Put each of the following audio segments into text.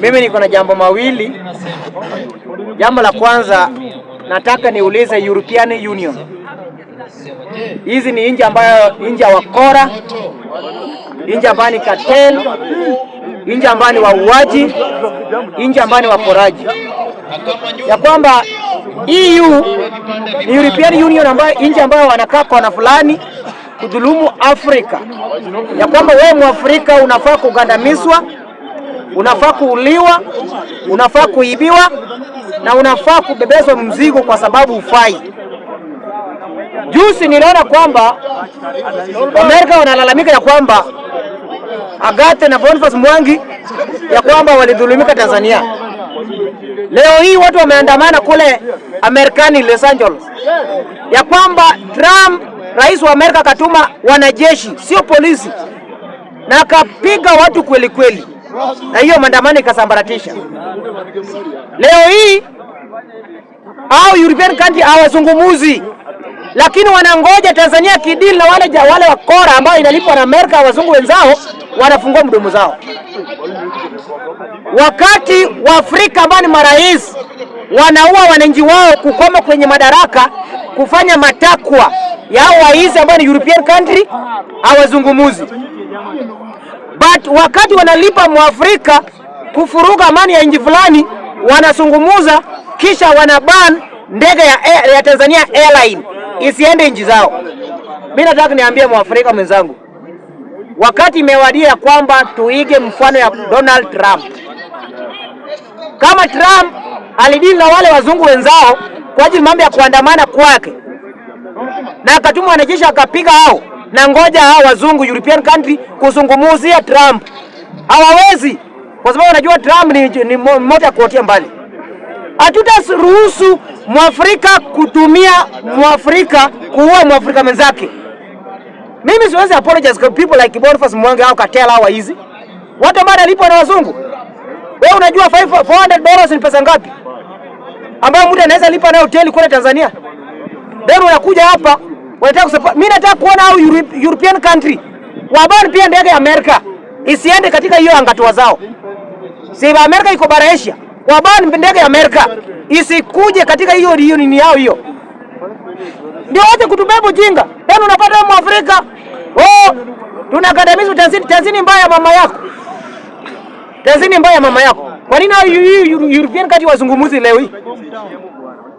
Mimi niko na jambo mawili. Jambo la kwanza nataka niulize European Union, hizi ni nchi ambayo nchi ya wakora, nchi ambayo ni cartel, nchi ambayo ni wauaji, nchi ambayo ni waporaji, ya kwamba EU ni European Union ambayo nchi ambayo wanakaa kona fulani kudhulumu Afrika, ya kwamba wewe Mwafrika unafaa kugandamizwa unafaa kuuliwa, unafaa kuibiwa na unafaa kubebezwa mzigo kwa sababu ufai. Juzi niliona kwamba Amerika wanalalamika ya kwamba Agathe na Boniface Mwangi ya kwamba walidhulumika Tanzania. Leo hii watu wameandamana kule Amerikani Los Angeles ya kwamba Trump rais wa Amerika akatuma wanajeshi sio polisi na akapiga watu kweli kweli na hiyo maandamano ikasambaratisha. Leo hii au European country hawazungumuzi, lakini wanangoja Tanzania kidil na wale wale wakora ambao inalipwa na Amerika, wazungu wenzao wanafungua mdomo zao, wakati wa Afrika ambao ni marais wanaua wananchi wao kukoma kwenye madaraka kufanya matakwa yao waizi ambao ni European country hawazungumuzi but wakati wanalipa Mwafrika kufuruga amani ya nchi fulani, wanasungumuza kisha wanaban ndege ya, ya Tanzania Airline isiende nchi zao. Mimi nataka niambie Mwafrika mwenzangu, wakati imewadia kwamba tuige mfano ya Donald Trump. Kama Trump alidili na wale wazungu wenzao kwa ajili mambo ya kuandamana kwake na akatuma wanajeshi akapiga hao na ngoja hawa wazungu European country kuzungumuzia Trump hawawezi, kwa sababu wanajua Trump ni, ni mmoja ya kuotia mbali. Hatutaruhusu mwafrika kutumia mwafrika kuua mwafrika mwenzake. Mimi siwezi apologize kwa people like Boniface Mwangi au Katela au hizi watu ambao alipwa na wazungu. Wewe unajua 500 dollars ni pesa ngapi ambayo mtu anaweza lipa nayo hoteli kule Tanzania? Then unakuja hapa wanataka mimi nataka kuona au European country wabani pia ndege ya Amerika isiende katika hiyo angatua zao. Siba Amerika iko bara Asia, wabani ndege ya Amerika isikuje katika hiyo hiyo nini yao hiyo. Ndio wote kutubeba jinga. Yaani unapata mu Afrika. Oh, tunakandamizwa Tanzini. Tanzini mbaya mama yako. Tanzini mbaya mama yako. Kwa nini hao European kati wazungumuzi leo hii?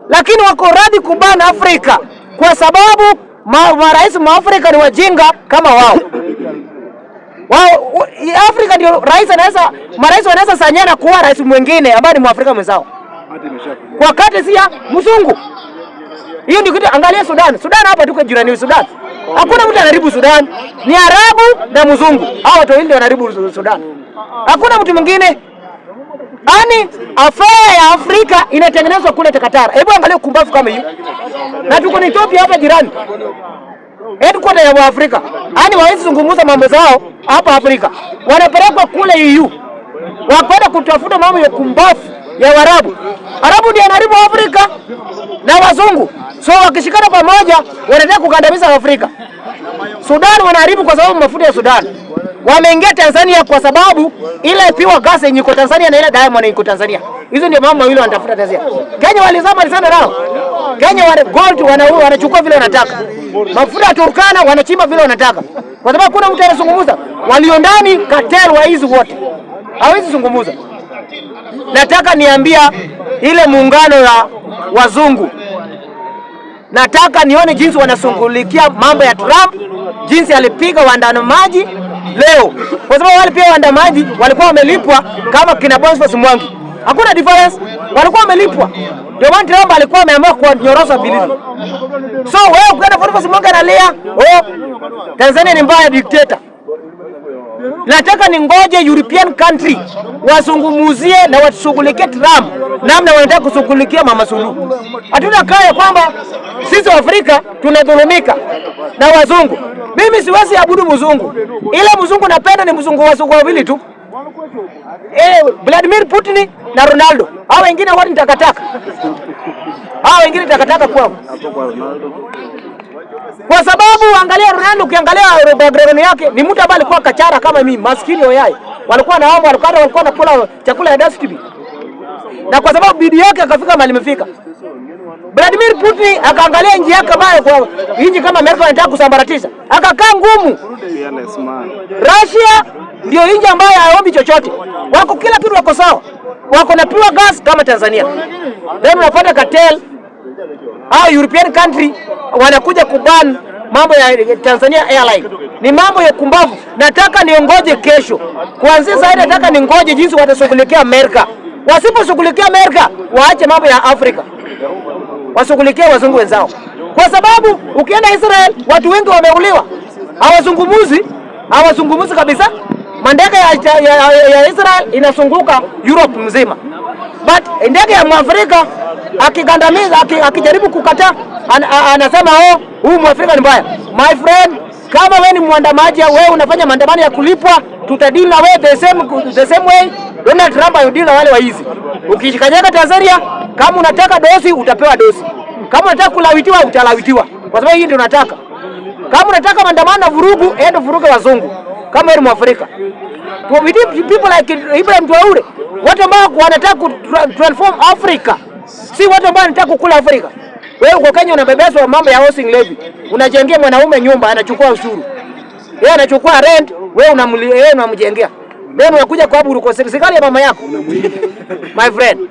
Lakini wako radhi kubana Afrika kwa sababu marais afrika ni wajinga kama wao wao. Afrika ndio rais anaweza marais wanaweza sanyana kuwa rais mwingine ambaye ni mwafrika mwenzao kwa kati si ya mzungu. Hiyo ndio kitu. Angalia Sudan, Sudan hapa tuko jirani Sudan, hakuna mtu anaribu Sudan, ni Arabu na mzungu. Hao watu wengi wanaribu Sudan, hakuna mtu mwingine. Yaani afaa ya Afrika inatengenezwa kule Takatara. Hebu angalia ukumbavu kama hiyo, na tuko na Ethiopia hapa jirani, kwa ya Waafrika. Yaani wawezi zungumza mambo zao hapa Afrika, wanapelekwa kule EU wakwenda kutafuta mambo ya kumbavu ya Waarabu. Arabu ndio anaribu Afrika na wazungu, so wakishikana pamoja wanataka kukandamiza Afrika. Sudan wanaharibu kwa sababu mafuta ya Sudan wameingia Tanzania kwa sababu ile gas yenye iko Tanzania na ile diamond yenye iko Tanzania. Hizo ndio mambo mawili wanatafuta Tanzania. Kenya walizama sana nao. Kenya wale gold wanachukua vile wanataka. Mafuta ya Turkana wanachimba vile wanataka. Kwa sababu kuna mtu anazungumza, walio ndani cartel wa hizo wote. Hawezi zungumza. Nataka niambia ile muungano ya wazungu. Nataka nione jinsi wanashughulikia mambo ya Trump, jinsi alipiga waandamanaji leo, kwa sababu wale pia waandamaji walikuwa wamelipwa kama kina Boniface Mwangi. Hakuna difference, walikuwa wamelipwa. Ndio maana Tiramba alikuwa ameamua kunyorosa vilivyo. So wewe ukienda Boniface Mwangi analia, oh, Tanzania ni mbaya dictator. Nataka ngoje European country wasungumuzie na washughulikie Trump namna wanataka kushughulikia Mama Suluhu. Hatuna kaya kwamba sisi Afrika tunadhulumika na wazungu. Mimi siwezi abudu mzungu, ile mzungu napenda ni mzungu wazungu wawili tu eh, Vladimir Putin na Ronaldo. Hao wengine wote nitakataka, hao wengine nitakataka kwao, kwa sababu angalia Ronaldo, ukiangalia background yake ni mtu ambaye alikuwa kachara kama mimi, maskini oyai, walikuwa naomba, walikuwa walikuwa nakula chakula ya dustbin, na kwa sababu bidii yake akafika mahali imefika. Vladimir Putin akaangalia nchi yake ambayo kwa nchi kama Amerika anataka kusambaratisha, akakaa ngumu. Russia ndio nchi ambayo haombi chochote, wako kila kitu, wako sawa, wako na pure gas kama Tanzania. then unapata cartel au European country wanakuja kuban mambo ya Tanzania Airline ni mambo ya kumbavu. Nataka niongoje kesho, kuanzia sasa nataka ningoje jinsi watashughulikia Amerika. Wasiposhughulikia Amerika, waache mambo ya Afrika washughulikie wazungu wenzao, kwa sababu ukienda Israel watu wengi wameuliwa, hawazungumuzi hawazungumuzi kabisa. Mandege ya, ya, ya Israel inasunguka Europe mzima, but ndege ya Mwafrika akigandamiza akijaribu kukata an, anasema oh, huu Mwafrika ni mbaya. My friend, kama wewe ni mwandamaji, wewe unafanya maandamano ya kulipwa, tutadili na wewe the same, the same way Donald Trump ayodili na wale waizi. Ukikanyaga Tanzania kama unataka dosi utapewa dosi, kama unataka kulawitiwa utalawitiwa, kwa sababu hii ndio unataka. Kama unataka maandamano vurugu, enda vuruge wazungu kama ni Mwafrika. People like Ibrahim Traore, watu ambao wanataka transform Africa, si watu ambao wanataka kukula Afrika. Wewe uko Kenya unabebeswa mambo ya housing levy, unajengea mwanaume nyumba anachukua ushuru, yeye anachukua rent, wewe unamjengea. Wewe unakuja kwa sababu uko serikali ya mama yako my friend.